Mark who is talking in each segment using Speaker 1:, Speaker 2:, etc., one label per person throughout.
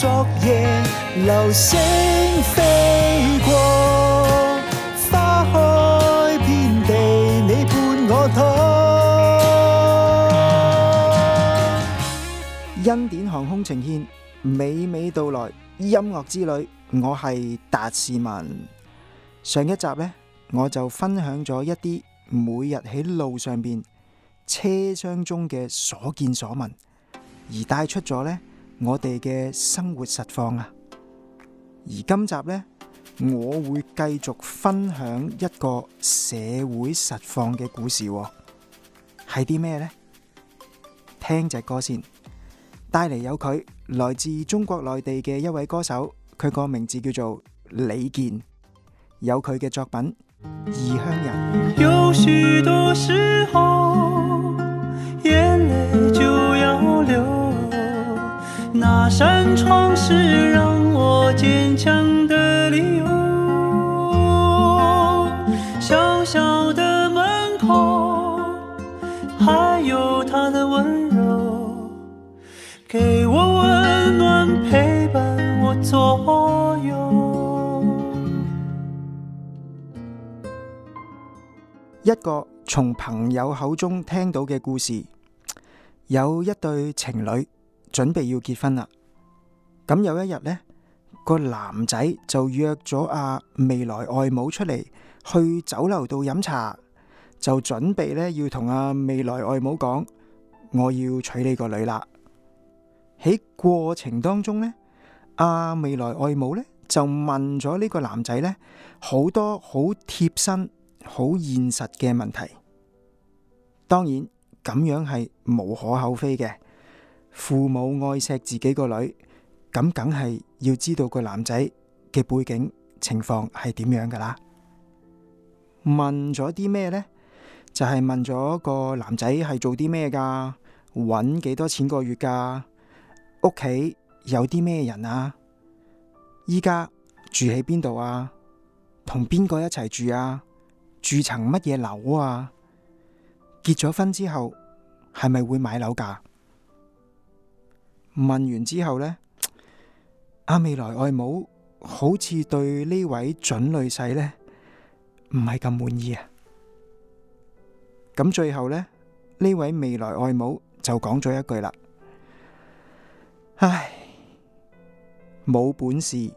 Speaker 1: 昨夜流星飛過，花開遍地你伴我。恩
Speaker 2: 典航空呈現娓娓道來音樂之旅，我係達士文。上一集呢，我就分享咗一啲每日喺路上邊車廂中嘅所見所聞，而帶出咗呢。我哋嘅生活實況啊，而今集呢，我會繼續分享一個社會實況嘅故事。哦，係啲咩呢？聽隻歌先，帶嚟有佢來自中國內地嘅一位歌手，佢個名字叫做李健，有佢嘅作品《異鄉人》。有許多時
Speaker 1: 候。那扇窗是讓我堅強的理由，小小的門口還有它的溫柔，給我溫暖，陪伴我左右。一
Speaker 2: 個從朋友口中聽到嘅故事，有一對情侶。準備要結婚啦，咁有一日呢，呢個男仔就約咗阿、啊、未來外母出嚟去酒樓度飲茶，就準備呢要同阿、啊、未來外母講，我要娶你個女啦。喺過程當中呢，阿、啊、未來外母呢就問咗呢個男仔呢好多好貼身、好現實嘅問題。當然咁樣係無可厚非嘅。父母愛錫自己個女，咁梗係要知道個男仔嘅背景情況係點樣噶啦？問咗啲咩呢？就係問咗個男仔係做啲咩噶，揾幾多錢個月噶？屋企有啲咩人啊？依家住喺邊度啊？同邊個一齊住啊？住層乜嘢樓啊？結咗婚之後係咪會買樓噶？問完之後呢，阿未來外母好似對呢位準女婿呢唔係咁滿意啊。咁最後呢，呢位未來外母就講咗一句啦：唉，冇本事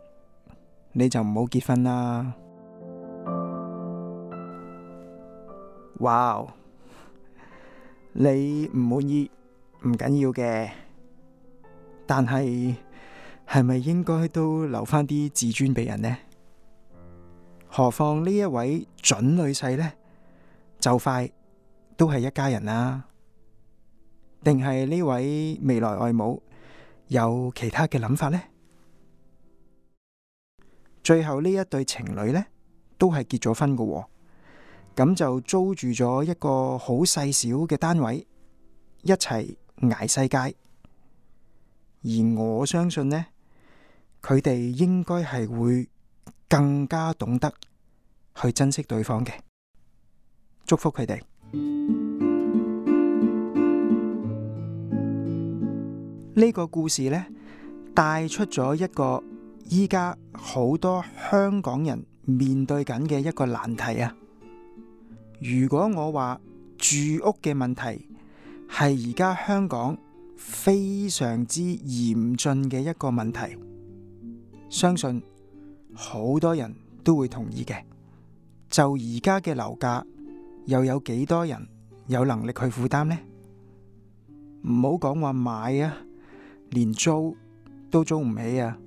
Speaker 2: 你就唔好結婚啦。哇，你唔滿意？唔緊要嘅。但係係咪應該都留翻啲自尊俾人呢？何況呢一位準女婿呢，就快，都係一家人啦，啊。定係呢位未來外母，有其他嘅諗法呢？最後呢一對情侶呢，都係結咗婚噶，咁就租住咗一個好細小嘅單位，一齊捱世界。而我相信呢，佢哋應該係會更加懂得去珍惜對方嘅，祝福佢哋。呢個故事呢，帶出咗一個依家好多香港人面對緊嘅一個難題啊！如果我話住屋嘅問題係而家香港。非常之嚴峻嘅一個問題，相信好多人都會同意嘅。就而家嘅樓價，又有幾多人有能力去負擔呢？唔好講話買啊，連租都租唔起啊！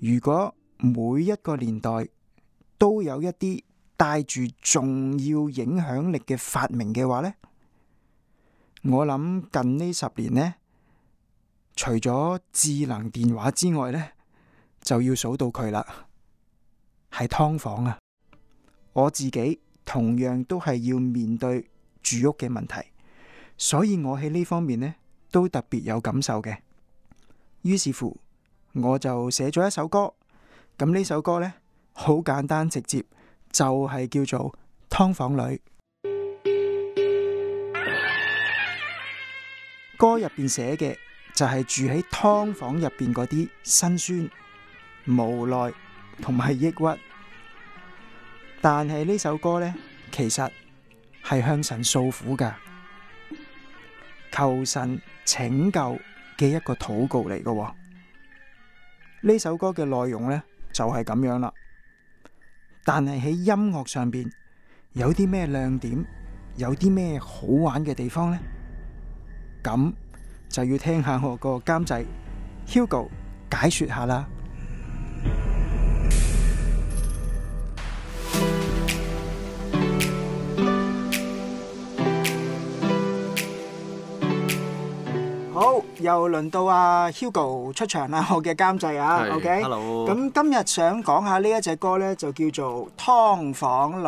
Speaker 2: 如果每一個年代都有一啲。帶住重要影響力嘅發明嘅話呢，我諗近呢十年呢，除咗智能電話之外呢，就要數到佢啦，係劏房啊。我自己同樣都係要面對住屋嘅問題，所以我喺呢方面呢都特別有感受嘅。於是乎，我就寫咗一首歌。咁呢首歌呢，好簡單直接。就係叫做劏房女，歌入邊寫嘅就係住喺劏房入邊嗰啲辛酸、無奈同埋抑鬱。但係呢首歌呢，其實係向神訴苦噶，求神拯救嘅一個禱告嚟噶。呢首歌嘅內容呢，就係、是、咁樣啦。但係喺音樂上邊有啲咩亮點，有啲咩好玩嘅地方呢？咁就要聽下我個監製 Hugo 解說下啦。又輪到阿、啊、Hugo 出場啦，我嘅監製啊，OK，Hello，咁今日想講下呢一隻歌呢，就叫做《湯房女》。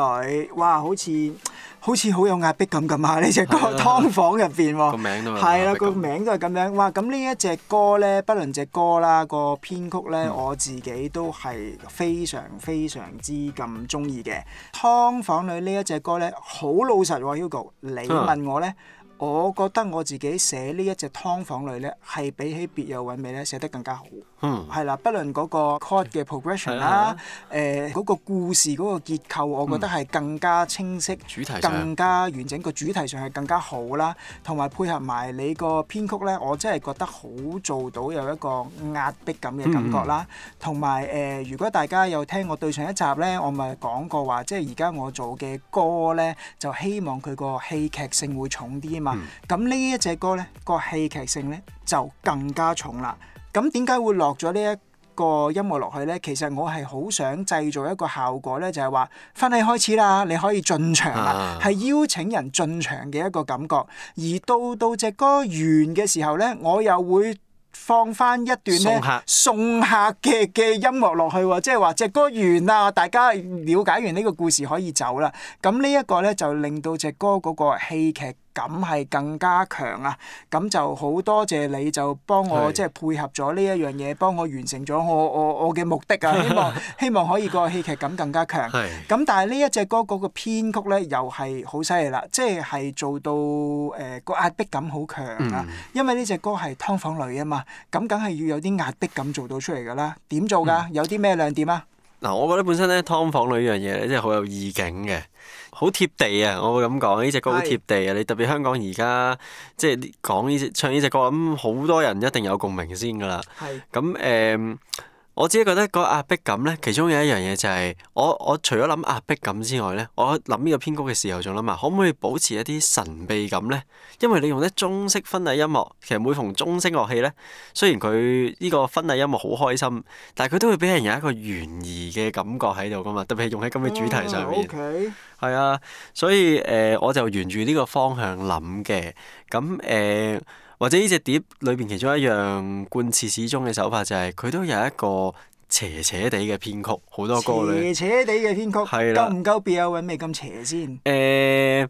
Speaker 2: 哇，好似好似好有壓迫感咁啊！呢隻歌《湯房》入邊喎，個名都係啦，個、啊、名都係咁樣。哇！咁呢一隻歌呢，不論隻歌啦，個編曲呢，嗯、我自己都係非常非常之咁中意嘅《湯、嗯、房女》呢一隻歌呢，好老實喎，Hugo，你問我呢？ 我覺得我自己寫呢一隻劏房類呢，係比起別有韻味呢，寫得更加好。嗯，係啦，不論嗰個 chord 嘅 progression 啦、嗯，誒嗰、呃嗰個故事嗰、嗰個結構，我覺得係更加清晰，嗯、主題更加完整。個主題上係更加好啦，同埋配合埋你個編曲呢，我真係覺得好做到有一個壓迫感嘅感覺啦。同埋誒，如果大家有聽我對上一集呢，我咪講過話，即係而家我做嘅歌呢，就希望佢個戲劇性會重啲。嘛，咁呢一隻歌呢個戲劇性呢就更加重啦。咁點解會落咗呢一個音樂落去呢？其實我係好想製造一個效果呢，就係話婚禮開始啦，你可以進場啦，係、啊、邀請人進場嘅一個感覺。而到到隻歌完嘅時候呢，我又會放翻一段呢送客嘅嘅音樂落去，即係話隻歌完啦，大家了解完呢個故事可以走啦。咁呢一個呢，就令到隻歌嗰個戲劇。咁係更加強啊！咁就好多謝你就幫我是即係配合咗呢一樣嘢，幫我完成咗我我我嘅目的啊！希望 希望可以個戲劇感更加強。咁是但係呢一隻歌嗰個編曲咧，又係好犀利啦！即係做到誒個、呃、壓迫感好強啊！嗯、因為呢隻歌係劏房女啊嘛，咁梗係要有啲壓迫感做到出嚟㗎啦。點做㗎？嗯、有啲咩亮點啊？
Speaker 3: 嗱、啊，我覺得本身咧劏房類呢樣嘢咧，真係好有意境嘅，好貼地啊！我會咁講，呢隻歌好貼地啊！是你特別香港而家即係講呢隻唱呢隻歌，咁好多人一定有共鳴先㗎啦。係是。咁誒。嗯我自己覺得嗰壓迫感咧，其中有一樣嘢就係、是、我我除咗諗壓迫感之外咧，我諗呢個編曲嘅時候仲諗啊，可唔可以保持一啲神秘感咧？因為你用啲中式婚禮音樂，其實每逢中式樂器咧，雖然佢呢個婚禮音樂好開心，但係佢都會俾人有一個懸疑嘅感覺喺度噶嘛，特別係用喺咁嘅主題上面。係、uh, okay. 啊，所以誒、呃，我就沿住呢個方向諗嘅。咁誒。呃或者呢隻碟裏邊其中一樣貫徹始終嘅手法就係佢都有一個邪邪地嘅編曲，好多歌咧。邪邪地嘅編曲是的 夠唔
Speaker 2: 夠 Beyond 韻味咁邪先？
Speaker 3: 誒。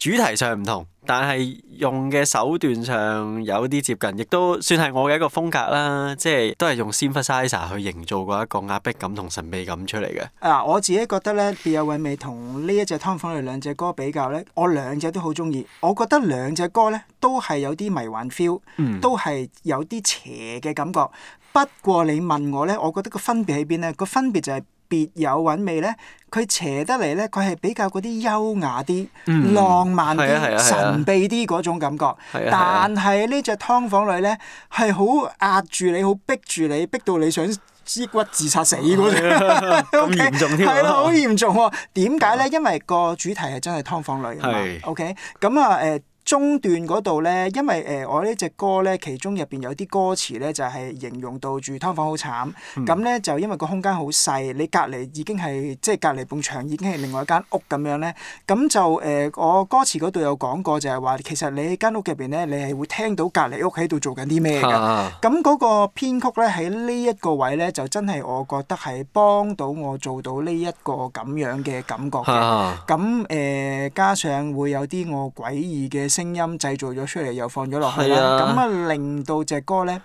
Speaker 3: 主題上唔同，但係用嘅手段上有啲接近，亦都算係我嘅一個風格啦。即係都係用 synthesizer 去營造過一個壓迫感同神秘感出嚟嘅。
Speaker 2: 嗱、啊，我自己覺得咧，Be Your Way 同呢一隻 Tom Ford 兩隻歌比較咧，我兩隻都好中意。我覺得兩隻歌咧都係有啲迷幻 feel，都係有啲邪嘅感覺。嗯、不過你問我咧，我覺得個分別喺邊咧？個分別就係、是。別有韻味咧，佢邪得嚟咧，佢係比較嗰啲優雅啲、嗯、浪漫啲、啊啊啊啊、神秘啲嗰種感覺。但係呢隻劏房類咧，係好壓住你，好逼住你，逼到你想支骨自殺死嗰種，咁嚴重添。係啊，好嚴重喎！點解咧？因為個主題係真係劏房類啊嘛。OK，咁啊誒。呃中段嗰度咧，因為誒、呃、我呢隻歌咧，其中入邊有啲歌詞咧，就係、是、形容到住劏房好慘，咁咧、嗯、就因為個空間好細，你隔離已經係即係隔離埲牆已經係另外一間屋咁樣咧。咁就誒、呃、我歌詞嗰度有講過就係話其實你喺間屋入邊咧，你係會聽到隔離屋喺度做緊啲咩嘅。咁嗰個編曲咧，喺呢一個位咧，就真係我覺得係幫到我做到呢一個咁樣嘅感覺嘅。咁誒、啊呃、加上會有啲我詭異嘅。聲音製造咗出嚟，又放咗落去啦，咁是啊令到隻歌咧。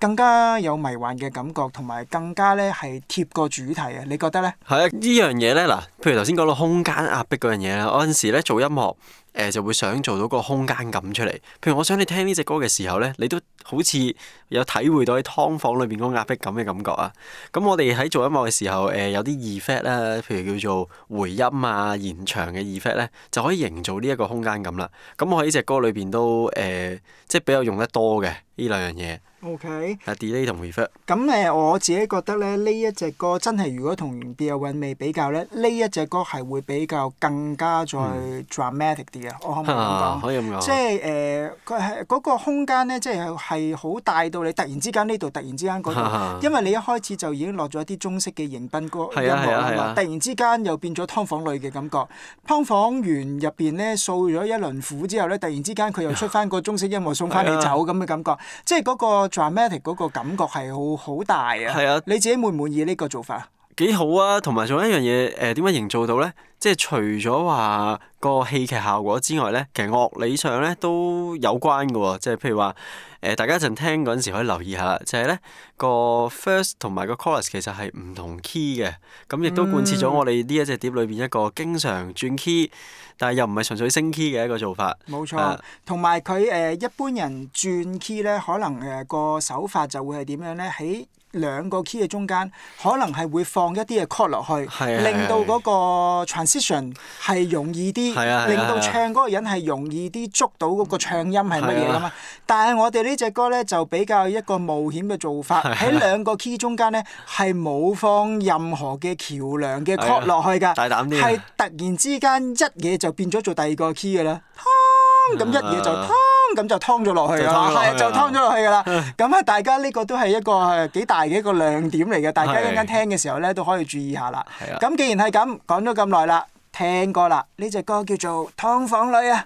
Speaker 2: 更加有迷幻嘅感覺，同埋更加咧係貼個主題啊！你覺得咧？
Speaker 3: 係啊！依樣嘢咧，嗱，譬如頭先講到空間壓迫嗰樣嘢啦，我有陣時咧做音樂，誒、呃、就會想做到個空間感出嚟。譬如我想你聽呢隻歌嘅時候咧，你都好似有體會到喺湯房裏邊嗰個壓迫感嘅感覺啊！咁我哋喺做音樂嘅時候，誒、呃、有啲 effect 啦，譬如叫做回音啊、延長嘅 effect 咧，就可以營造呢一個空間感啦。咁我喺呢隻歌裏邊都誒、呃，即係比較用得多嘅呢兩樣嘢。O.K. Delay 同 Reverb。
Speaker 2: 咁，誒我自己覺得咧，呢一隻歌真係如果同 Bill w 比較咧，呢一隻歌係會比較更加再 dramatic 啲嘅。我可唔可以咁講？可以咁講。即係誒，佢係嗰個空間咧，即係係好大到你突然之間呢度，突然之間嗰度。因為你一開始就已經落咗一啲中式嘅迎賓歌音樂啦，突然之間又變咗湯房劏房類嘅感覺。劏房完入邊咧，掃咗一輪苦之後咧，突然之間佢又出翻個中式音樂送翻你走咁嘅感覺，即係嗰個。dramatic 嗰個感覺係好好大啊！Yeah. 你自己滿唔滿意呢個做法啊？
Speaker 3: 幾好啊！同埋、呃、仲有一樣嘢，誒點樣營造到呢？即係除咗話個戲劇效果之外呢，其實樂理上呢都有關嘅喎、哦。即係譬如話，誒、呃、大家一陣聽嗰陣時可以留意下就係、是、呢個 first 同埋個 chorus 其實係唔同 key 嘅，咁、嗯、亦、嗯、都貫徹咗我哋呢一隻碟裏邊一個經常轉 key，但係又唔係純粹升 key 嘅一個做法。
Speaker 2: 冇錯，同埋佢誒一般人轉 key 呢，可能誒個、呃、手法就會係點樣呢？喺兩個 key 嘅中間可能係會放一啲嘅 chord 落去，啊、令到嗰個 transition 係容易啲，啊、令到唱嗰個人係容易啲捉到嗰個唱音係乜嘢噶嘛。啊、但係我哋呢隻歌咧就比較一個冒險嘅做法，喺、啊、兩個 key 中間咧係冇放任何嘅橋梁嘅 chord 落去㗎，大膽啲，係、啊、突然之間一嘢就變咗做第二個 key 㗎啦，啪，咁一嘢就。咁就劏咗落去啦，係就劏咗落去㗎啦。咁啊，大家呢個都係一個誒幾大嘅一個亮點嚟嘅，大家一陣間聽嘅時候呢，啊、都可以注意下啦。咁、啊、既然係咁，講咗咁耐啦，聽歌啦，呢隻歌叫做《劏房女》啊。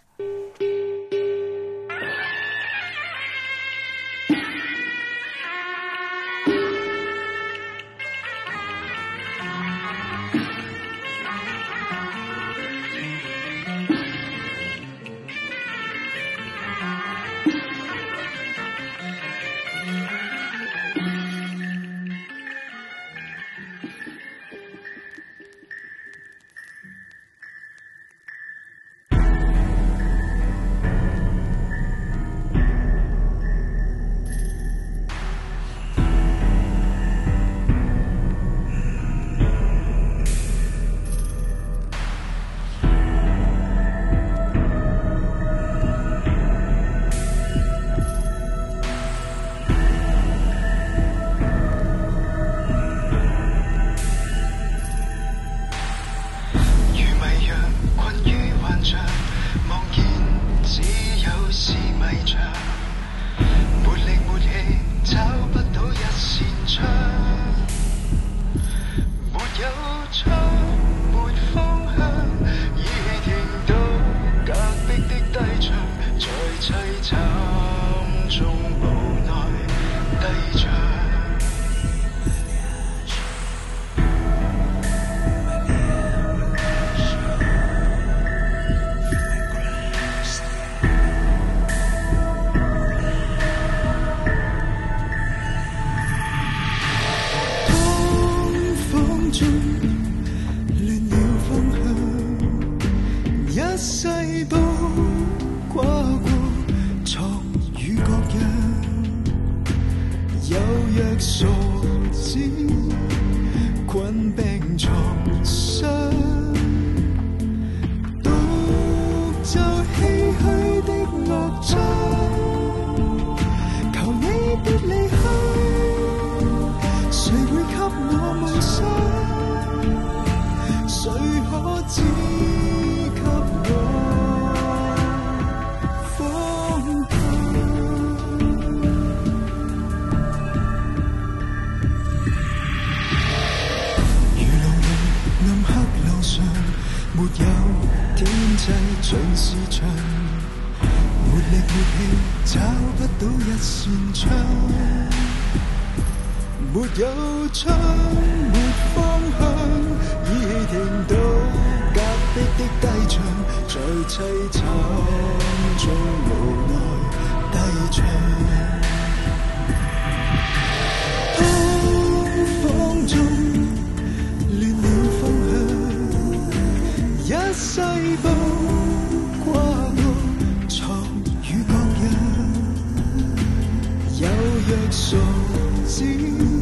Speaker 1: 有窗沒方向，耳機聽到隔壁的低唱，在淒慘中無奈低唱。東風 中亂了方向，一世都掛掛牀與各人。有若傻子。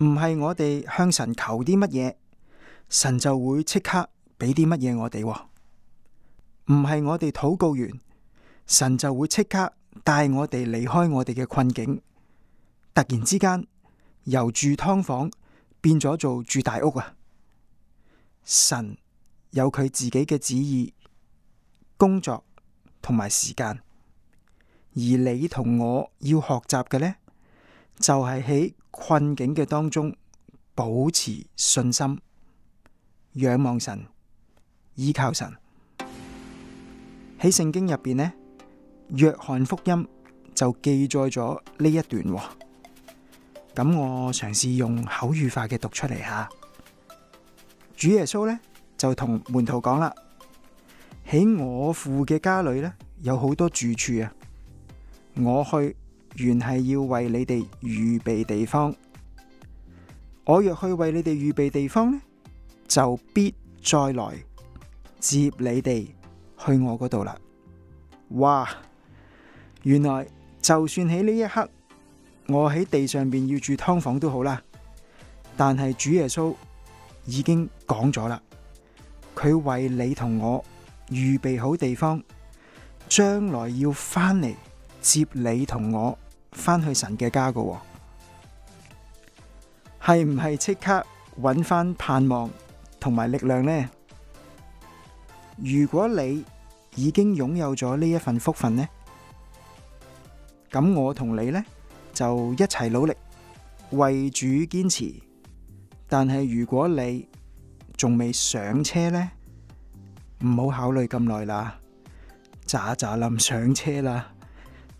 Speaker 2: 唔係我哋向神求啲乜嘢，神就會即刻俾啲乜嘢我哋。唔係我哋禱告完，神就會即刻帶我哋離開我哋嘅困境。突然之間，由住劏房變咗做住大屋啊！神有佢自己嘅旨意、工作同埋時間，而你同我要學習嘅呢。就係喺困境嘅當中，保持信心，仰望神，依靠神。喺聖經入邊呢，約翰福音就記載咗呢一段。咁我嘗試用口語化嘅讀出嚟吓。主耶穌呢，就同門徒講啦，喺我父嘅家裏呢，有好多住處啊，我去。原係要為你哋預備地方。我若去為你哋預備地方呢，就必再來接你哋去我嗰度啦。哇！原來就算喺呢一刻，我喺地上邊要住劏房都好啦，但係主耶穌已經講咗啦，佢為你同我預備好地方，將來要返嚟。接你同我返去神嘅家噶，係唔係即刻揾返盼望同埋力量呢？如果你已經擁有咗呢一份福分呢，咁我同你呢，就一齊努力為主堅持。但係如果你仲未上車呢，唔好考慮咁耐啦，咋咋冧上車啦。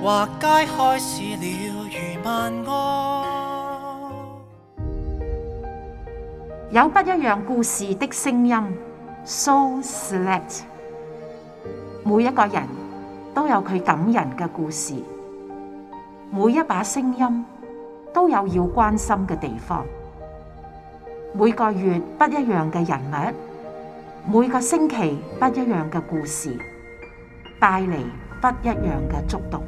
Speaker 1: 華街開始了如萬安，
Speaker 3: 有不一樣故事的聲音。So select，每一個人都有佢感人嘅故事，每一把聲音都有要關心嘅地方。每個月不一樣嘅人物，每個星期不一樣嘅故事，帶嚟不一樣嘅觸動。